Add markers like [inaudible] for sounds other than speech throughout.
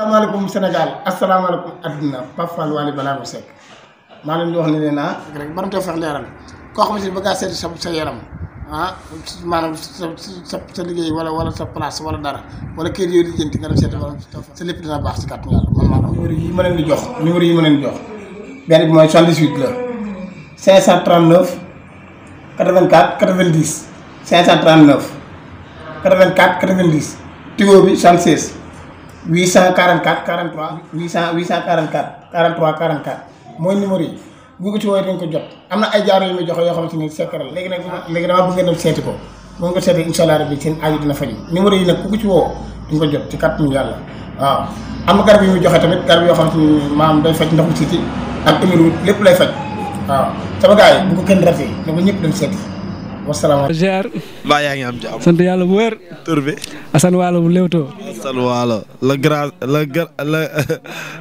asalaamaaleykum Sénégal asalaamaaleykum adduna Pape Fall Waly Ballago Seck maa leen di wax ne leen ah rek baram too fex leeral koo xamante ni ba ngaa seeti sa yaram ah maanaam sa sa liggéey wala wala sa place wala dara wala kër yooyu di jënti nga dem seeti sa lépp dina baax si kàttu yàlla man maa numéro yi ma leen di jox numéro yi ma leen di jox benn bi mooy 78 la 539 84 90 539 84 90 tigo bi 76 844 43 800 844 43 44 mooy numéro yi bu ko ci woowee dañ ko jot am na ay jaaro yu muy joxe yoo xamante ni secret la léegi nag léegi damaa bëgg ngeen dem seeti ko bu nga ko seetee incha allah rabbi seen ayu dina faju numéro yi nag ku ko ci woo duñ ko jot ci kàttanu yàlla waaw am na garab yu muy joxe tamit garab yoo xamante ni maam day faj ndoxu siiti ak émiru lépp lay faj waaw sama gars yi bu ko kenn ratee na ba ñëpp dem seeti wasalaamaaleykum. ziar. yaa ngi am jàmm. sant yàlla bu bu Leewtoo. Assane Waalo la grand la la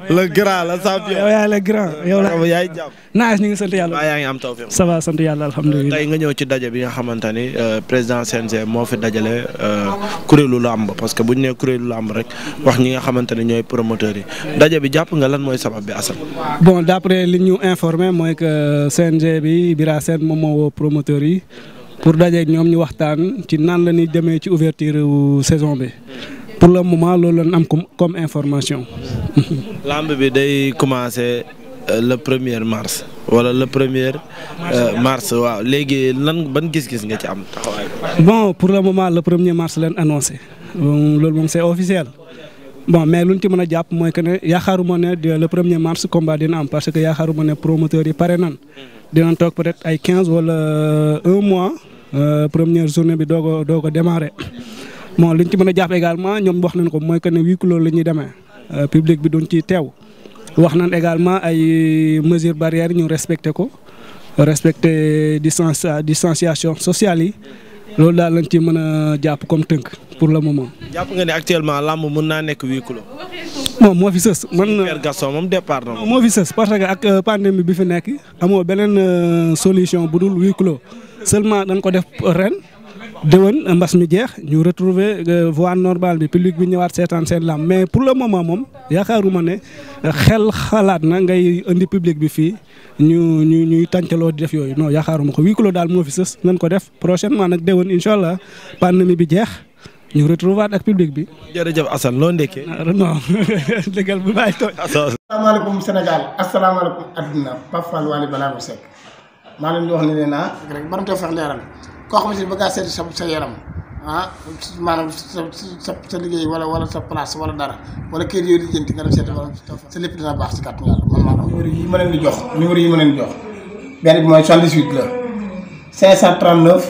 la la champion. yow yaay la grand yow la yaay jàmm. naaj ñu ngi sant yàlla. mbaa yaa ngi am tawfeex. ça va sant yàlla alhamdulilah. tey nga ñëw ci daje bi nga xamante ni euh, président CNG moo fi dajale euh, kuréelu làmb parce que bu ñu nee kuréelu amb rek wax ñi nga xamante ne ñooy promoteurs yi daje bi jàpp nga lan mooy sabab bi Assane. bon d'après li informé mooy que euh, CNG bi Bira Sène moom moo woo yi. pour dajeeg ñoom ñu waxtaan ci naan la ñuy demee ci ouverture saison bi pour le moment loolu lañ am comme information. [laughs] lamb bi day commencer euh, le premier mars wala le premier euh, mars waaw léegi lan ban gis-gis nga ci am taxawaay. pour le moment le premier mars lañ annoncé loolu moom c'est officiel. bon mais lu ñu ci mën a jàpp mooy que ne yaakaaruma ne le premier mars combat dina am parce que yaakaaruma ne promoteur yi pare nan dina toog peut-être ay quinze wala euh, un mois euh, première journée bi doo ko doo ko démarrer bon liñ ci mën a jàpp également ñoom wax nañ ko mooy que ne huis clos la ñuy demee euh, public bi duñ ci teew wax nañ également ay mesures barrières ñu respecté ko respecté di distanciation sociale yi loolu daal lañ ci mën a jàpp comme tënk pour le moment. jàpp nga ne actuellement làmb mën naa nekk huis clos moom moo fi sës man. Père Gaston moom départ na moo fi sës parce que ak euh, pandémie bi fi nekk amoo beneen euh, solution bu dul huis clos seulement dañ ko def ren déwén mbas mi jeex ñu retrouver euh, voie normale bi public bi ñëwaat seetaan seen lam mais pour le moment moom yaakaaruma ne xel xalaat na ngay indi public bi fii ñu ñu ñuy tàncaloo di def yooyu non yaakaaruma ko huis clos daal moo fi sës nañ ko def prochainement nag déwén incha allah pandémie bi jeex. ñu retrouver ak public bi. jërëjëf Assane loo ndekkee. Ah, non [laughs] dëggal bu bàyyi tooy. maa leen di wax ne leen ah rek ne ba ngaa seeti sa ah, maanaam sa sa wala wala sa place wala dara wala kër yooyu di lépp dina baax si kàttan yàlla man maa ko. numéro yi ma leen di jox numéro yi ma leen di jox benn bi mooy 78 la 539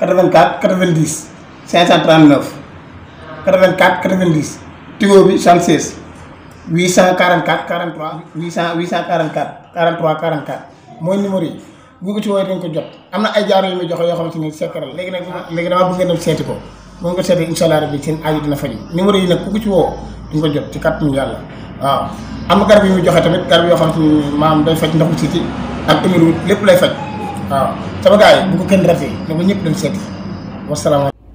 84 539 84 90 Tigo bi 76 844 43 800 844 43 44 mooy numéro yi bu ko ci woowee dañ ko jot am na ay jaaro yu muy joxe yoo xamante ni secret léegi nag léegi damaa bëgg nga dem seeti ko bu nga seeti incha allah rabbi seen aaju dina faju numéro yi nag ku ko ci woo duñ ko jot ci kàttanu yàlla waaw am na garab yu muy joxe tamit garab yoo xamante ni maam day faj ndoxu siiti ak émiru lépp lay faj waaw sama gars yi bu ko kenn rafet na ko ñëpp dem seeti wasalaamaaleykum